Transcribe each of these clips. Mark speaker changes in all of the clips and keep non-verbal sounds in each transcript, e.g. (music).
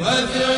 Speaker 1: wa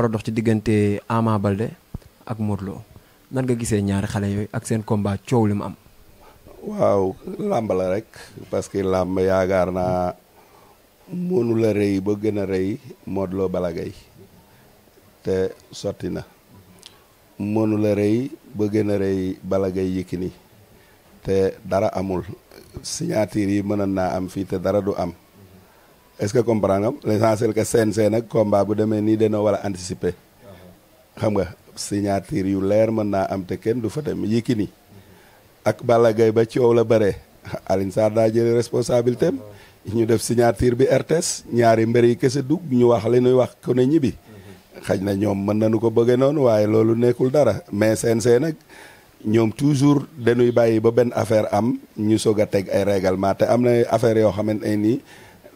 Speaker 2: war a dox ci diggante Ama Balde ak Modou Lo nan nga gisee ñaari xale yooyu ak seen combat coow li am.
Speaker 1: waaw làmb la rek parce que làmb yaakaar naa mënu la rëy ba gën a rëy Modou Lo te sotti na mënu la rëy ba gën a rëy yi ki Yékini te dara amul signature yi mënoon naa am fii te dara du am. est-ce que comprendre nga l'essentiel que CNG nag combat bu demee nii dañoo war a anticiper xam nga signature yu leer mën naa am te kenn du fa dem Yékini ak Balla Gaye ba coow la bëree Alioune Sarr daa jëlee responsabilité am ñu def signature bi RTS ñaari mbër yi kese dugg ñu wax li ñuy wax ku ne ñibbi xaj na ñoom mën nañu ko bëggee noonu waaye loolu nekkul dara mais CNG nag ñoom toujours dañuy bàyyi ba benn affaire am ñu soog a teg ay règlement te am na affaire yoo xamante ne nii.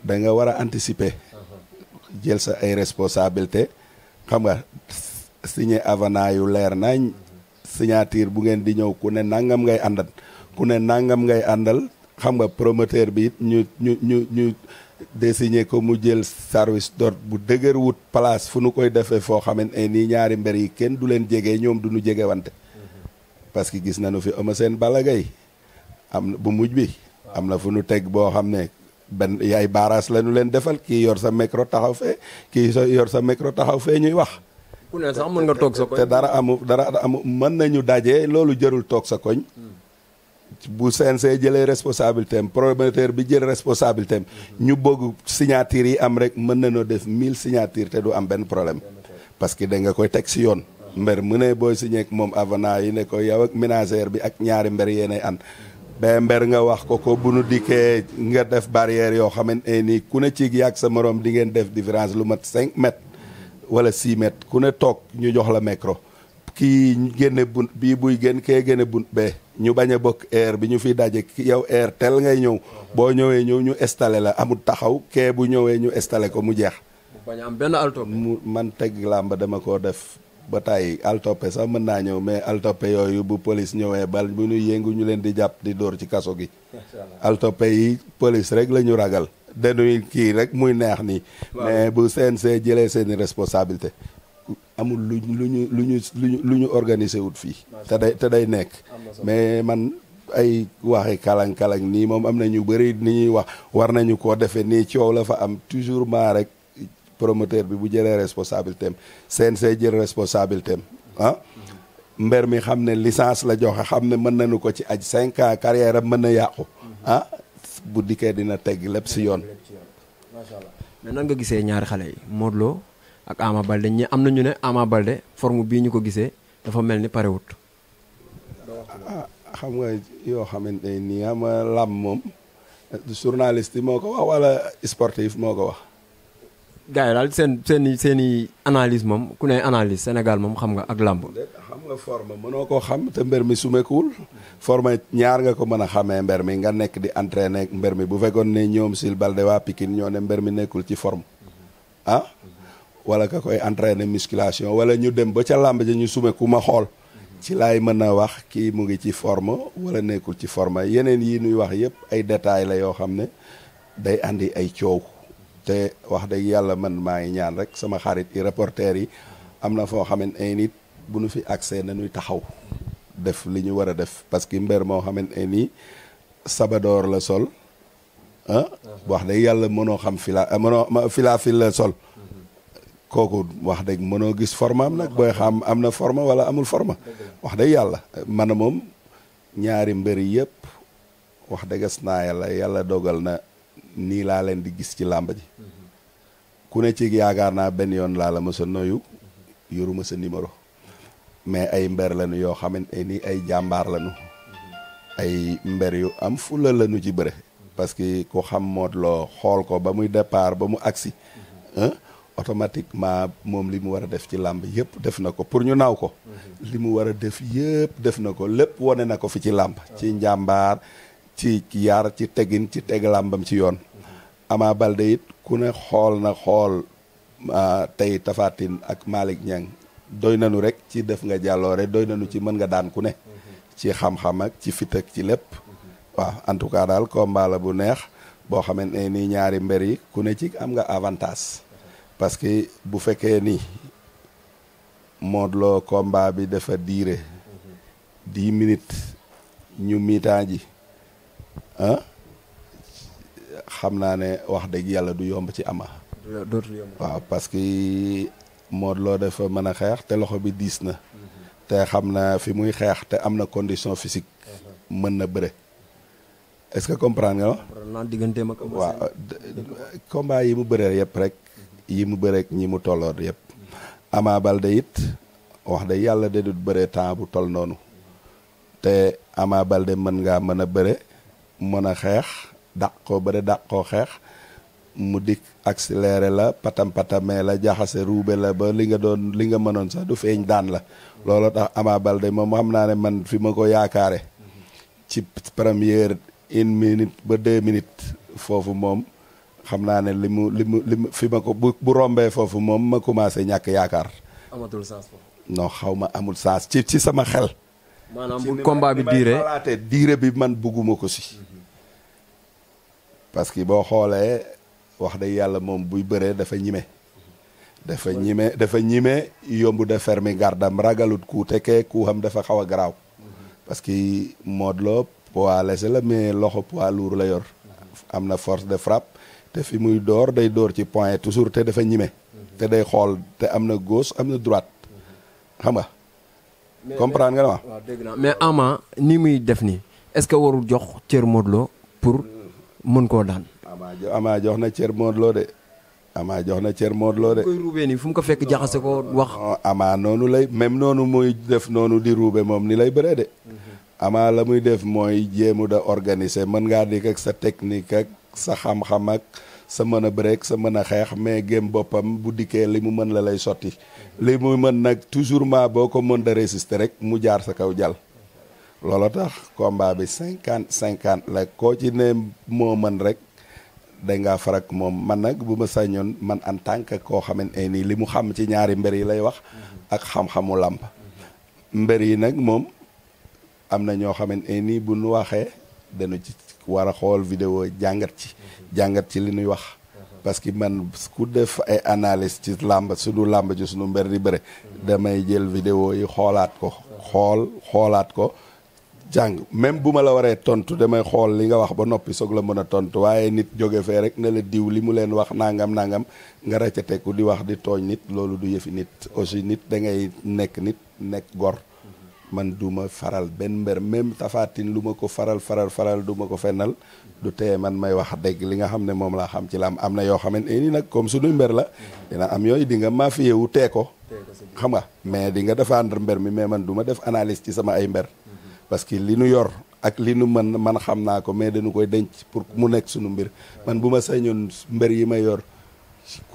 Speaker 1: da nga war a anticiper jël sa ay responsabilité xam nga signé avenant yu leer nañ signature bu ngeen di ñëw ku ne nangam ngay àndal ku ne nangam ngay àndal xam nga promoteur bi ñu ñu ñu ñu désigné ko mu jël service d'ordre bu dëgër wut place fu nu koy defee foo xamante ne nii ñaari mbër yi kenn du leen jege ñoom du ñu jege wante parce que gis nañu fi Eumeu Sène Balla am na bu mujj bi am na fu nu teg boo xam ne benn yaay baaraas la ñu leen defal kii yor sa micro taxaw fee kii yor sa micro taxaw fee ñuy wax.
Speaker 3: ku sax mën nga toog sa koñ. te dara
Speaker 1: amu dara amu mën nañu daje loolu jërul toog sa koñ. bu CNC jëlee responsabilité am promoteur bi jël responsabilité am ñu bëgg signature yi am rek mën nañoo def mille signature te du am benn problème parce que da nga koy teg si yoon mber mu ne booy signé ak moom avenant yi ne ko yow ak bi ak ñaari mber yéenay an bember nga wax ko ko bu nu dikkee nga def barrière yoo xamante ne nii ku ne ci yàgg sa moroom di ngeen def différence lu mat 5 mètres wala 6 mètres ku ne toog ñu jox la micro. kii génne bunt bii buy génn kee génne bunt bee ñu bañ a bokk air bi ñu fi daje ki yow air tel ngay ñëw boo ñëwee ñëw ñu installé la amul taxaw kee bu ñëwee ñu installé ko mu jeex. bañ am benn alto. mu man teg làmb dama koo def ba tàyyi altoppe sax mën naa ñëw mais altoppe yooyu bu police ñëwee bal bu ñu yëngu ñu leen di jàpp di dóor ci kaso gi altoppe yi police rek la ñu ragal dañuy kii rek muy neex nii mais bu CNC jëlee seeni responsabilité amul lu lu ñu lu ñu luñu lu ñu organisé wut fii te day te day nekk mais man ay waxi kalang-kalang nii moom am na ñu bëri ni ñuy wax war nañu koo defee nii coow la fa am toujours maa rek promoteur bi bu jëlee responsabilité am CNC jël responsabilité am ah mbër mi xam ne lisance la joxe xam ne mën nañu ko ci aj cinq ans carrière mën na yàqu ah bu dikkee dina tegg lépp si yoon macha allah
Speaker 2: mais nan nga gisee ñaari xale yi Modou ak Ama Balde ñi am na ñu ne Ama Balde forme bii ñu ko gisee dafa mel ni parewut
Speaker 1: ah, xam nga yoo xamante nii am làmb moom journaliste yi moo ko wax wala sportif moo ko wax
Speaker 2: gaa yi daal seen seen i seen i moom ku ne analyse Sénégal moom xam
Speaker 1: nga ak làmb xam nga mënoo koo xam te mber mi sumekuwul forma ñaar nga ko mën a xamee mber mi nga nekk di entraîner mber mi bu fekkoon ne ñoom silbalde balde waa Pikine ñoo ne mbër mi nekkul ci forme ah wala ka koy entraîner musculation wala ñu dem ba ca làmb ja ñu sumeku ma xool ci laay mën a wax kii mu ngi ci forma wala nekkul ci forma yeneen yii nuy wax yëpp ay détails la yoo xam ne day andi ay coow te wax dëgg yàlla man maa ngi ñaan rek sama xarit yi reporter yi am na foo xamante ay nit bu nu fi accès nañuy taxaw def li ñu war a def parce que mbër moo xamante ay nii sabadoor la sol ah wax dëgg yàlla mënoo xam fila eh, mënoo fila fil la sol kooku wax dëgg mënoo gis forme nag booy xam am na forme wala amul forma wax dëgg yàlla man moom ñaari mbër yëpp wax dëggas naa yàlla yàlla dogal na nii laa leen di gis ci làmb ji ku ne ci yaakaar naa benn yoon laa la ma sa noyu yoruma sa numéro mais ay mber lañu yoo xamante ni ay jàmbaar lañu ay mber yu am la lañu ci bëre parce que ku xam Modou Lo xool ko ba muy départ ba mu agsi automatiquement moom li mu war a def ci làmb yëpp def na ko pour ñu naaw ko li mu war a def yëpp def na ko lépp wane na ko fi ci làmb ci njàmbaar ci yar ci tegin ci teg làmbam ci yoon Ama Balde it ku ne xool na xool tey tafaatin ak Malick Niang doy nañu rek ci def nga jàlloore doy nañu ci mën nga daan ku ne ci xam-xam ak ci fit ak ci lépp waaw en tout cas daal combat bu neex boo xamante ne nii ñaari mbër ku ne ci am nga avantage parce que bu fekkee ni Modou Lo bi defa diire dix minutes ñu miitaa ji xam naa ne wax dëgg yàlla du yomb ci ama dootul waaw parce que Modou Lo dafa mën a xeex te loxo bi diis na te xam naa fi muy xeex te am na condition physique mën na bëre est-ce que comprendre nga ma waaw combat yi mu bëree yëpp rek yi mu bëree ñi mu tolloon yëpp Ama Baldé it wax dëgg yàlla de du bëree temps bu toll noonu te Ama Baldé mën ngaa mën a bëre mën a xeex dàq koo bëre dàq koo xeex mu dikk accéléré la patam patamee la jaxase ruube la ba li nga doon li nga mënoon sax du feeñ daan la looloo tax Ama Baldé moom xam naa ne man fi ma ko yaakaare ci première une minute ba deux minutes foofu moom xam naa ne li mu li mu li mu fi ma ko bu bu rombee foofu moom ma commencé ñàkk yaakaar.
Speaker 2: amatul sens foofu.
Speaker 1: non xaw ma amul sens ci ci sama xel. maanaam bu combat bi diire xalaatee bi man bugguma ko si. parce que boo xoolee wax dëgg yàlla moom buy bëree dafa ñime. dafa ñime dafa ñime yomb de fermi gardam ragalut ku tekkee ku xam dafa xaw a garaaw. parce que Modou Lo poids léger la mais loxo poids lourd la yor. Mm-hmm. am na force de frappe te fi muy door day door ci point toujours te dafa ñime. Mm-hmm. te day xool te am na gauche am na droite mm-hmm. xam nga. comprendre nga la waaw dégg naa mais Ama ni muy def nii est-ce que warul
Speaker 2: jox cër moodloo pour mën koo daan.
Speaker 1: amaa jox na cër moodloo Lo de. Ama jox na cër Modou Lo de. koy fu mu ko fekk jaxase ko wax. Ama noonu lay même noonu muy def noonu di ruube moom ni lay bëree de. Mm-hmm. Ama la muy def mooy jéemu da organiser mën ngaa dikk ak sa technique ak sa xam-xam ak. sa mën a break sa mën a xeex mais géem boppam bu dikkee li mu mën la lay sotti li mu mën nag toujours ma boo ko mën da résister rek mu jaar sa kaw jàll loolu tax combat bi cinquante cinquante la koo ci ne moo mën rek da ngaa farak moom man nag bu ma sàññoon man en tant que koo xamante ne nii li mu xam ci ñaari mbër yi lay wax ak xam-xamu làmb mbër yi nag moom am na ñoo xamante ne nii bu nu waxee dana ci war a xool vidéo jàngat ci mhm. jàngat ci li nuy wax mhm. parce que man ku def ay analyse ci làmb suñu làmba ci suñu mber di bëre mhm. damay jël vidéo yi xoolaat ko xool xoolaat ko jàng même bu ma la waree tontu damay xool li nga wax ba noppi soog la mën a tontu waaye nit jóge fee rek ne la diw li mu leen wax nangam nangam nga rëccateeku di wax di tooñ nit loolu du yëfi nit aussi nit da ngay nekk nit nekk gor man du ma faral benn mber même tafaatin lu ma ko faral faral faral du ko fennal du teye man may wax dëgg li nga xam ne moom laa xam ci la am na yoo xamante ni nag comme suñu mbër la dina am yooyu di nga ma fiyewu tee ko xam nga mais di nga défendre mbër mi mais man du def analyse ci sama ay mber parce que li nu yor ak li nu mën man xam naa ko mais dañu koy denc pour mu nekk suñu mbir man bu ma sañoon mbër yi ma yor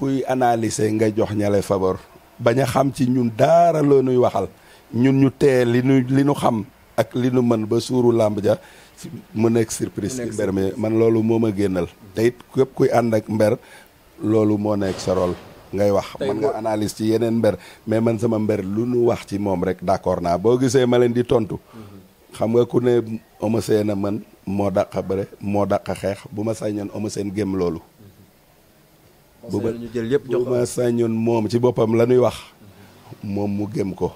Speaker 1: kuy analyser nga jox ñale favor bañ a xam ci ñun daara loo nuy waxal ñun ñu tee li nu li nu xam ak li nu mën ba suuru làmb ja mu nekk surprise ci mber mi man loolu moo ma génnal te it képp kuy ànd ak mber loolu moo nekk sa rôle ngay wax man nga analyse ci yeneen mber mais man sama mber lu nu wax ci moom rek d'accord naa boo gisee ma leen di tontu mm-hmm. xam nga ku ne Eumeu Sène a man moo dàq bëre moo dàq xeex bu ma sañoon Eumeu seen gém loolu mm-hmm. bu ma sañoon moom ci boppam la ñuy wax moom mu gém ko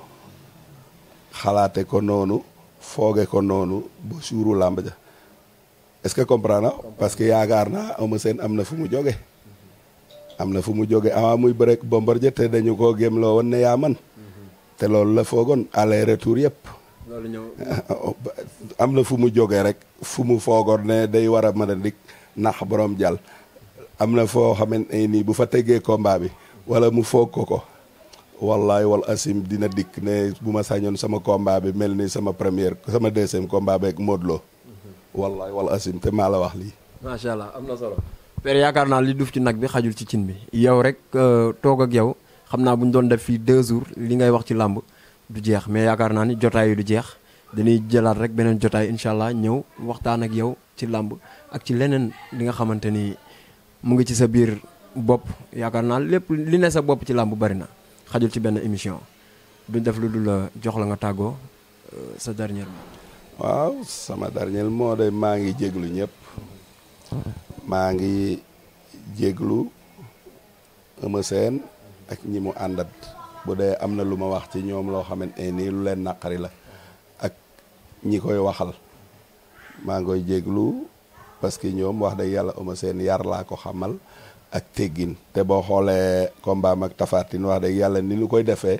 Speaker 1: xalaate ko noonu fooge ko noonu ba suuru làmb ja est-ce que comprendre parce que yaakaar naa Eumeu Sène am na fu mu joge am na fu mu jóge avant muy bëre ak Bombardier te dañu koo gémloo woon ne yaa te loolu la foogoon aller retour yëpp loolu (laughs) am na fu mu jóge rek fu mu foogoon ne day war a mën a dik nax borom jàll am na foo xamante nii bu fa tegee combat bi wala mu foog ko ko wallaay wal asim dina dikk ne bu ma sañoon sama combat bi mel ni sama première sama deuxième combat beeg Modou Lo wallaay wal asim te maa la wax lii.
Speaker 2: macha allah am na solo. père yaakaar naa li duuf ci nag bi xajul ci cin bi yow rek euh, toog ak yow xam naa bu ñu doon def fii deux jours li ngay wax ci làmb du jeex mais yaakaar naa ni jotaay yi du jeex dañuy jëlaat rek beneen jotaay incha allah ñëw waxtaan ak yow ci làmb ak ci leneen li nga xamante ni mu ngi ci sa biir bopp yaakaar naa lépp li ne sa bopp ci làmb bari na. xajul ci benn émission du def lu dul
Speaker 1: euh, jox la nga tàggoo euh, sa dernier mot. waaw sama dernier mot de maa ngi jéglu ñëpp maa ngi jéglu Eumeu Sène ak ñi mu àndat bu dee am na lu ma wax ci ñoom loo xamante nii lu leen naqari la ak ñi koy waxal maa ngi koy jéglu parce que ñoom wax dëgg yàlla Eumeu Sène yar laa ko xamal ak teggin te boo xoolee combat ak tafaatin wax dëgg yàlla ni ñu koy defee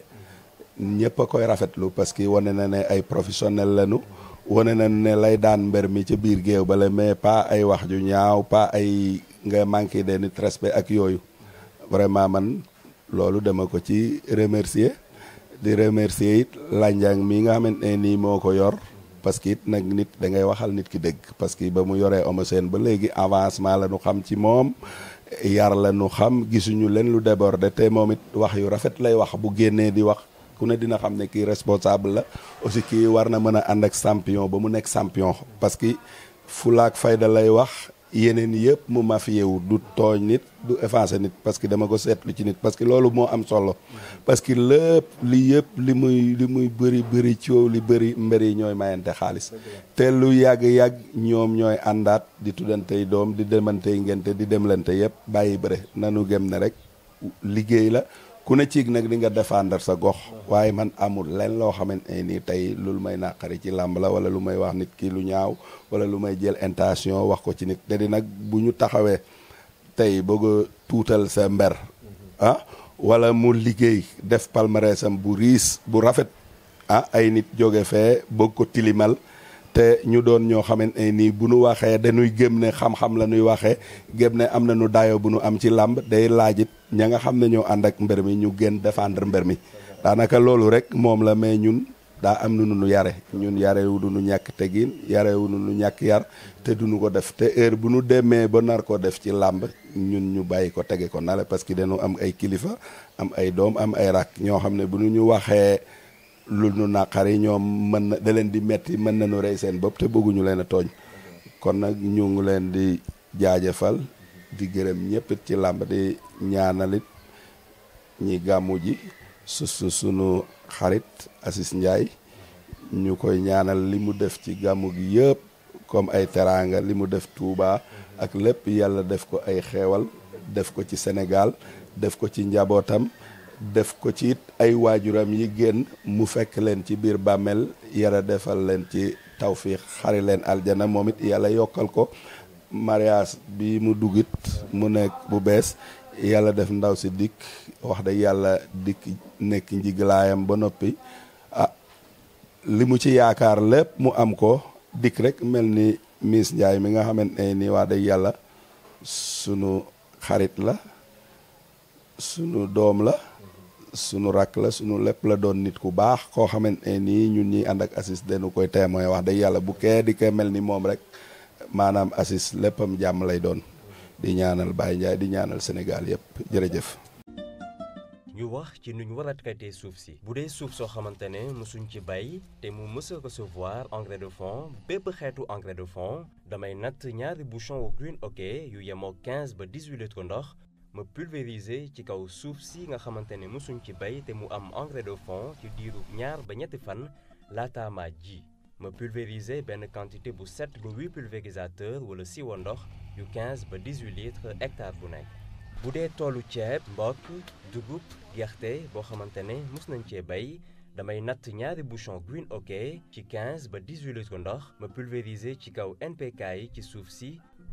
Speaker 1: ñëpp a koy rafetlu parce que wane na ne ay professionnel lañu wane na ne lay daan mbër mi ca biir géew bale mais pas ay wax ju ñaaw pas ay nga manqué de nit respect ak yooyu vraiment man loolu dama ko ci remercier di remercier it Landiang mii nga xamante ne nii moo ko yor. parce que it nag nit da ngay waxal nit ki dégg parce que ba mu yoree Eumeu Sène ba léegi avancement la nu xam ci moom yar la nu xam gisuñu leen lu débordé te moom it wax yu rafet lay wax bu génnee di wax ku ne dina xam ne kii responsable la aussi kii war na mën a ànd ak champion ba mu nekk champion parce que fulaak fayda lay wax yeneen yëpp mu mafie wu du tooñ nit du effacé nit parce que dama ko seetlu ci nit parce que loolu moo am solo parce que lépp li yëpp li muy li muy bëri bëri coow li bëri mbir yi ñooy mayante xaalis te lu yàgg-yàgg ñoom ñooy àndaat di tuddantey doom di demantey ngente di demlante yëpp bàyyi bëre nanu gem ne rek liggéey la ku ne ciig nag di nga défendre sa gox waaye man amul leen loo xamante ne nii tey loolu may naqari ci làmbala la wala lu may wax nit kii lu ñaaw wala lu may jël intention wax ko ci nit te nag bu ñu taxawee tey bëgg a tuutal sa mber ah wala mu liggéey def palmarèsam bu riis bu rafet ah ay nit jóge fee bëgg ko tilimal te ñu doon ñoo xamante ne nii bu nu waxee dañuy gëm ne xam-xam la ñuy waxee gém ne am na nu daayoo bu nu am ci làmb day laajit ña nga xam ne ñoo ànd ak mbër mi ñu gën défendre mbër mi daanaka loolu rek moom la mais ñun daa am nu nu yare ñun yarewu du nu ñàkk tegin yarewu nu nu ñàkk yar te duñu ko def te heure bu nu demee ba nar ko def ci làmb ñun ñu bàyyi ko tege ko nale parce que dañu am ay kilifa am ay doom am ay rak ñoo xam ne bu nu ñu waxee lu nu naqari ñoom mën na da leen di metti mën nañu rey seen bopp te bëgguñu leen a tooñ kon nag ñu ngi leen di jaajëfal di gërëm ñëpp ci làmb di ñaanalit ñi gàmmu ji su su sunu xarit Asis Njaay ñu koy ñaanal li mu def ci gàmmu gi yëpp comme ay teraanga li mu def Tuuba ak lépp yàlla def ko ay xeewal def ko ci senegaal def ko ci njabootam def ko ci it ay waajuram yi génn mu fekk leen ci biir bàmmeel yara defal leen ci tawfiix xari leen aljana moom it yàlla yokkal ko mariage bi mu duggit mu nekk bu bees yàlla def ndaw si dikk wax dëgg yàlla dikk nekk njiglaayam ba noppi a ah, li mu ci yaakaar lépp mu am ko dikk rek mel ni Miss Ndiaye mi nga xamante ne nii wax dëgg yàlla sunu xarit la sunu doom la sunu rakk la sunu lépp la doon nit ku baax koo xamante ne nii ñun ñuy ànd ak Aziz dañu koy témoin wax dëgg yàlla bu kee di ko mel ni moom rek maanaam Aziz léppam jàmm lay doon di ñaanal Baye Ndiaye di ñaanal Sénégal yëpp jërëjëf.
Speaker 3: ñu wax ci nu ñu war a traité suuf si bu dee suuf soo xamante ne mësuñ ci bay te mu mës a recevoir engrais de fond bépp xeetu engrais de fond damay natt ñaari bouchon wu Green OK yu yemo 15 ba 18 ko ndox. ma pulvériser ci kaw suuf si nga xamante ne mësuñ ci bay te mu am engrais de fond ci diiru ñaar ba ñetti fan laata ma ji ma pulvériser benn quantité bu 7 ba 8 pulvérisateur wala siwo ndox yu 15 ba 18 litres hectare bu nekk bu dee toolu ceeb mbokk dugub gerte boo xamante ne mës nañ cee bay damay natt ñaari bouchon green ok ci 15 ba 18 litres ndox ma pulvériser ci kaw NPK yi ci suuf si